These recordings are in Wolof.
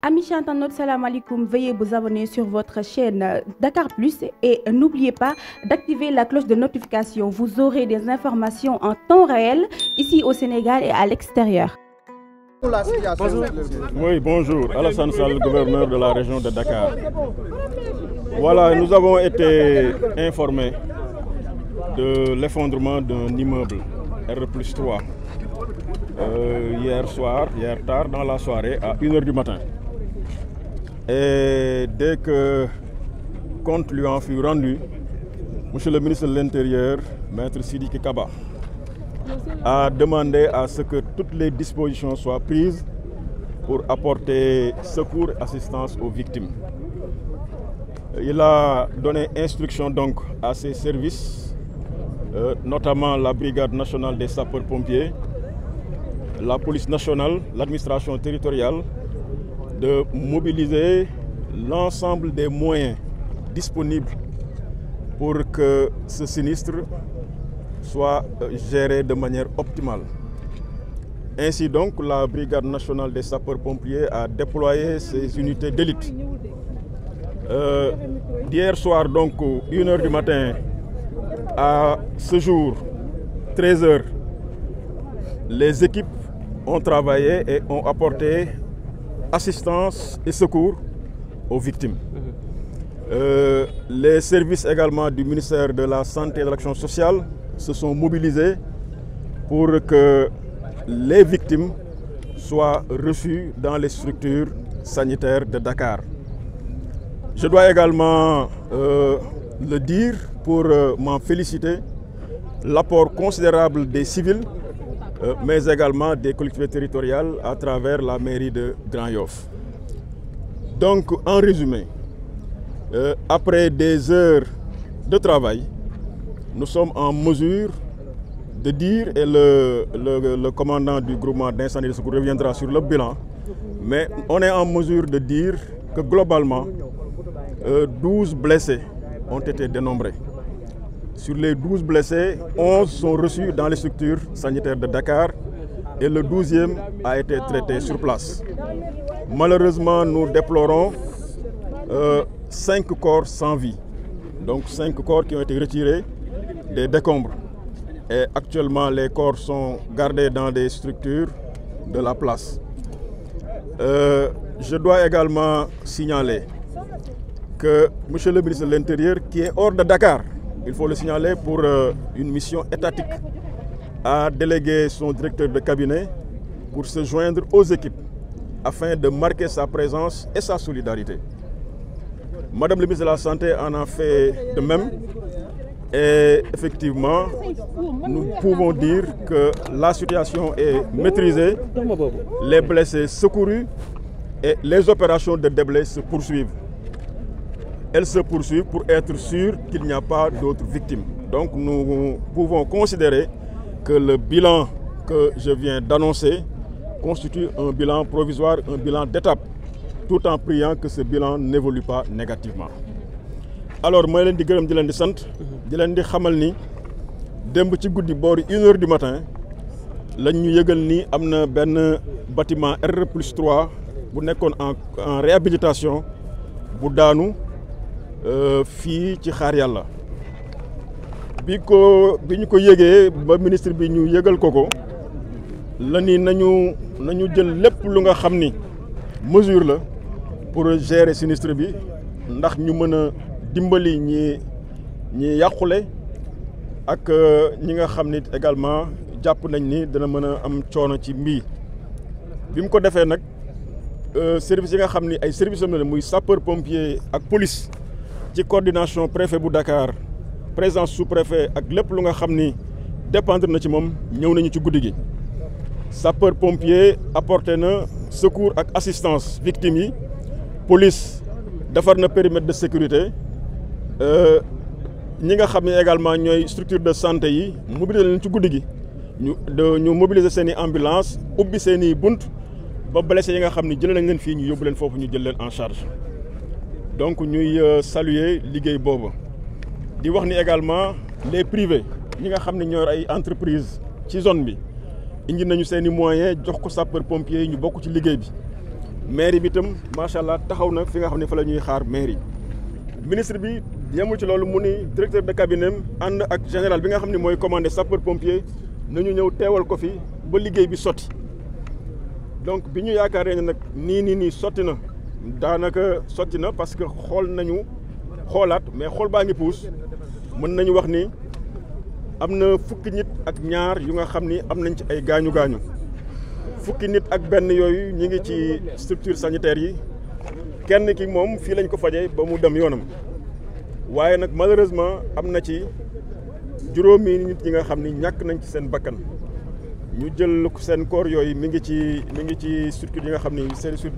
Amis chers internautes, salam Veuillez vous abonner sur votre chaîne Dakar Plus et n'oubliez pas d'activer la cloche de notification. Vous aurez des informations en temps réel ici au Sénégal et à l'extérieur. de la région de Dakar. Voilà, nous avons été informés de l'effondrement d'un immeuble R 3 euh, hier soir, hier tard dans la soirée à 1h du matin. Et dès que compte lui en fut rendu, Monsieur le ministre de l'Intérieur, Maître Sidi Kaba, a demandé à ce que toutes les dispositions soient prises pour apporter secours et assistance aux victimes. Il a donné instruction donc à ses services, euh, notamment la Brigade nationale des sapeurs-pompiers, la police nationale, l'administration territoriale, de mobiliser l'ensemble des moyens disponibles pour que ce sinistre soit euh, géré de manière optimale. Ainsi donc, la Brigade nationale des sapeurs-pompiers à déployé ses unités d'élite. Euh, d'hier soir, donc, 1h du matin à ce jour, 13 les équipes ont travaillé et ont apporté assistance et secours aux victimes. Mhm. Euh, les services également du ministère de la Santé et de l'Action sociale se sont mobilisés pour que les victimes soient reçues dans les structures sanitaires de Dakar. Je dois également euh, le dire pour euh, m'en féliciter, l'apport considérable des civils Euh, mais également des collectivités territoriales à travers la mairie de Grand Yoff. Donc, en résumé, euh, après des heures de travail, nous sommes en mesure de dire, et le, le, le commandant du groupement d'incendie de secours reviendra sur le bilan, mais on est en mesure de dire que globalement, euh, 12 blessés ont été dénombrés. Sur les 12 blessés, 11 sont reçus dans les structures sanitaires de Dakar et le 12e a été traité sur place. Malheureusement, nous déplorons euh, 5 corps sans vie, donc cinq corps qui ont été retirés des décombres. Et actuellement, les corps sont gardés dans des structures de la place. Euh, je dois également signaler que M. le ministre de l'Intérieur, qui est hors de Dakar, il faut le signaler, pour euh, une mission étatique, a délégué son directeur de cabinet pour se joindre aux équipes afin de marquer sa présence et sa solidarité. Madame le ministre de la Santé en a fait de même et effectivement, nous pouvons dire que la situation est maîtrisée, les blessés secourus et les opérations de déblai se poursuivent. elles se poursuivent pour être sûres qu'il n'y a pas d'autres victimes. Donc nous pouvons considérer que le bilan que je viens d'annoncer constitue un bilan provisoire, un bilan d'étape, tout en priant que ce bilan n'évolue pas négativement. alors mooy leen di gërëm di leen di sant di leen di xamal ni démb ci guddi boori une heure du matin lañ ñu yëgal ni am na benn bâtiment R plus 3 bu nekkoon en en réhabilitation bu daanu Euh, fii ci xaar yàlla bi ko bi ñu ko yëgee ba ministre bi ñu yëgal ko ko la ni nañu nañu jël lépp lu nga xam ni mesure la pour gérer sinistre bi ndax ñu mën a dimbali ñi ñi yàqule ak euh, ñi nga xam ni également jàpp nañ ni dina mën a am coono ci mbii bi mu ko defee nag euh, service yi nga xam ni ay service am la muy sapeur pompier ak police ci coordination préfet bu Dakar présence sous préfet ak lépp lu nga xam ni dépendre na ci moom ñëw nañu ci guddi gi sapeur pompier apporté na secours ak assistance victimes yi police defar na périmètre de sécurité euh, ñi nga xam ne également ñooy structure de santé yi mobiliser leen ci guddi gi ñu de ñu mobiliser seen i ambulance ubbi seen i bunt ba blessé yi nga xam ni jëlee nañ leen fii ñu yóbbu leen foofu ñu jël leen en charge donc ñuy euh, saluer liggéey boobu di wax ni également les privés ñi nga xam ne ñoo ay entreprise ci zone bi inji nañu seen i moyens jox ko sapeur pompier yi ñu bokk ci liggéey bi mairie bitam itam macha allah taxaw na fi nga xam ne fa la ñuy xaar mairie ministre bi yemul ci loolu mu ni directeur bi cabinet ànd ak général bi nga xam ne mooy commandé sapeur pompier nañu ñëw teewal ko fi ba liggéey bi sotti donc bi ñu yaakaaree ne nag nii nii nii sotti na. daanaka sotti na parce que xool nañu xoolaat mais xool baa ngi puus mën nañu wax ni am na fukki nit ak ñaar yu nga xam ni am nañ ci ay gaañu gaañu fukki nit ak benn yooyu ñu ngi ci structure sanitaire yi kenn ki moom fii lañ ko faje ba mu dem yoonam waaye nag malheureusement am na ci juróomi nit ñi nga xam ni ñàkk nañ ci seen bakkan ñu jël seen koor yooyu mi ngi ci mu ngi ci structure yi nga xam ni c'est sur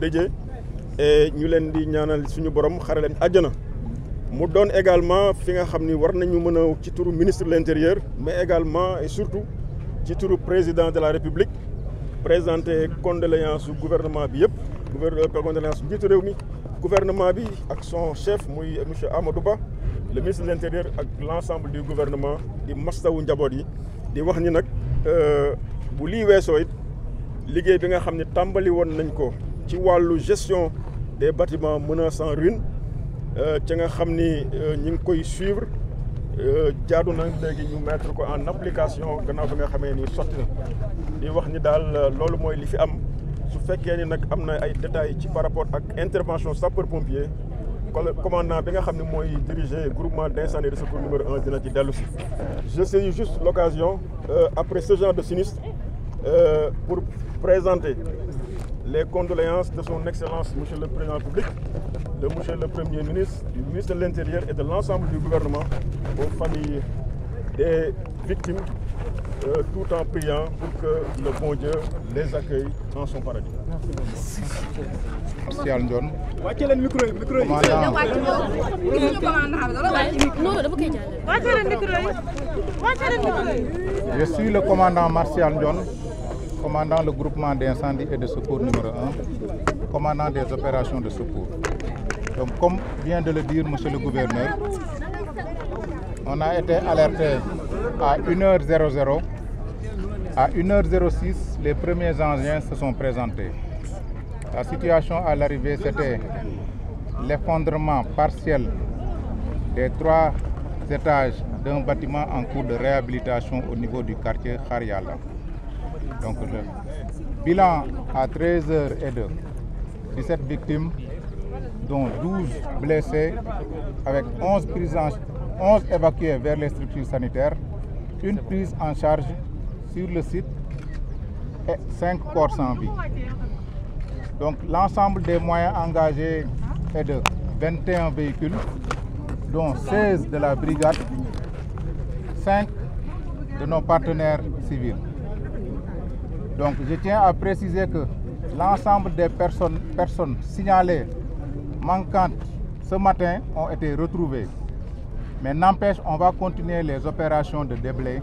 et ñu leen di ñaanal suñu borom xare leen àjjana mu doon également fi nga xam ni war nañu mën a ci turu ministre de l'intérieur mais également et surtout ci turu président de la république présenter condoléance su gouvernement bi yëpp gouvernement euh, condoléance njiitu réew mi gouvernement bi ak son chef muy monsieur Amadou Ba le ministre de l'intérieur ak l'ensemble du gouvernement di wu njaboot yi di wax ni nag euh, bu lii weesoo liggéey bi nga xam ne tàmbali woon nañ ko ci wàllu gestion des bâtiments menaçant ruine euh, ca nga xam ni euh, ñu ngi koy suivre euh, jaadu na léegi ñu mettre ko en application gannaaw ba nga xamee ni sotti na di wax ni daal loolu mooy li fi am su fekkee ni nag am na ay détails ci par rapport ak intervention sapeur pompier commandant bi nga xam ne mooy diriger groupement d'incendie de secours numéro en dina ci dellu si je saisis juste l'occasion euh, après ce genre de sinistre euh, pour présenter les condoléances de son Excellence Monsieur le Président public, de Monsieur le Premier ministre, du ministre de l'Intérieur et de l'ensemble du gouvernement aux familles des victimes, euh, tout en priant pour que le bon les accueille dans son paradis. Martial Ndione. commandant Martial Ndione. commandant le groupement d'incendie et de secours numéro 1, commandant des opérations de secours. Donc, comme vient de le dire monsieur le gouverneur, on a été alerté à 1h00. À 1h06, les premiers engins se sont présentés. La situation à l'arrivée, c'était l'effondrement partiel des trois étages d'un bâtiment en cours de réhabilitation au niveau du quartier Khariala. Donc bilan à 13h02, 17 victimes, dont 12 blessés, avec 11 prises en, 11 évacués vers les structures sanitaires, une prise en charge sur le site et cinq corps sans vie. Donc l'ensemble des moyens engagés est de 21 véhicules, dont 16 de la brigade, 5 de nos partenaires civils. Donc je tiens à préciser que l'ensemble des personnes, personnes signalées manquantes ce matin ont été retrouvées. Mais n'empêche, on va continuer les opérations de déblai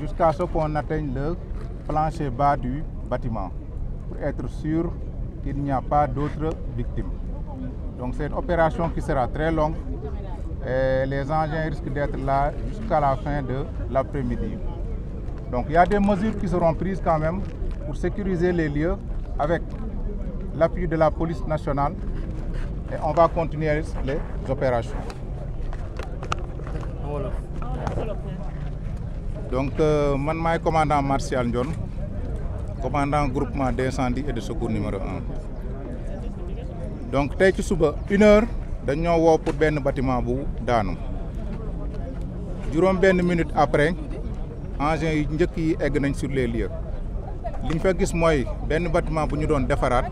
jusqu'à ce qu'on atteigne le plancher bas du bâtiment pour être sûr qu'il n'y a pas d'autres victimes. Donc c'est opération qui sera très longue et les engins risquent d'être là jusqu'à la fin de l'après-midi. Donc il y des mesures qui seront prises quand pour sécuriser les lieux avec l'appui de la police nationale et on va continuer les opérations. donc euh, man maay commandant Martial Ndione commandant groupement d'incendie et de secours numéro un donc te ci suba une heure dañ ñoo woo pour benn bâtiment bu daanu juróom benn minute après engins yi njëkk yi egg nañ sur les lieux li ñu fa gis mooy benn bâtiment bu ñu doon defaraat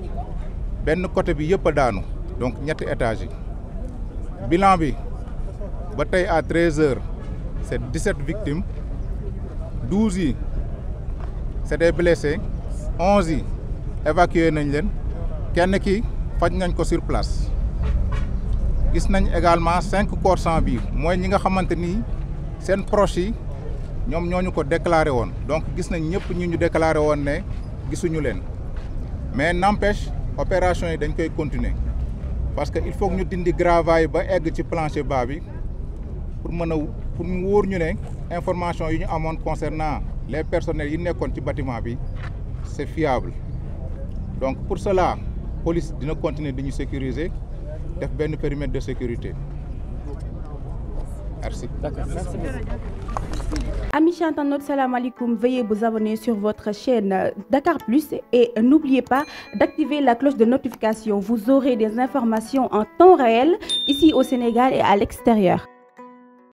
benn côté bi yëpp a daanu donc ñetti étage yi bilan bi ba tey à treize heures c'est dix-sept victimes douze yi c'est des blessés onze yi évacué nañ leen kenn ki faj nañ ko sur place gis nañ également cinq corps sans vie mooy ñi nga xamante ni seen proches yi ñoom ñoo ñu ko déclaré woon donc gis nañ ñëpp ñi ñu déclaré woon ne gisuñu leen mais n'empêche opération yi dañ koy continuer parce que il faut ñu dindi gravaay ba egg ci plancher bas bi pour mën a pour mu wóor ñu ne information yi ñu amoon concernant les personnels yi nekkoon ci bâtiment bi c'est fiable donc pour cela police dina continuer di ñu sécuriser def benn périmètre de sécurité Merci. D'accord, merci. Amis chantants, salam Veuillez vous abonner sur votre chaîne euh, Dakar Plus et n'oubliez pas d'activer la cloche de notification. Vous aurez des informations en temps réel ici au Sénégal et à l'extérieur.